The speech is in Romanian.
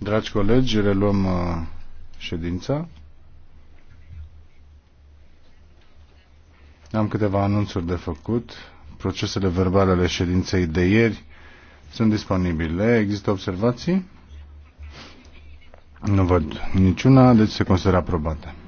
Dragi colegi, reluăm uh, ședința. Am câteva anunțuri de făcut. Procesele verbale ale ședinței de ieri sunt disponibile. Există observații? Nu văd niciuna, deci se consideră aprobate.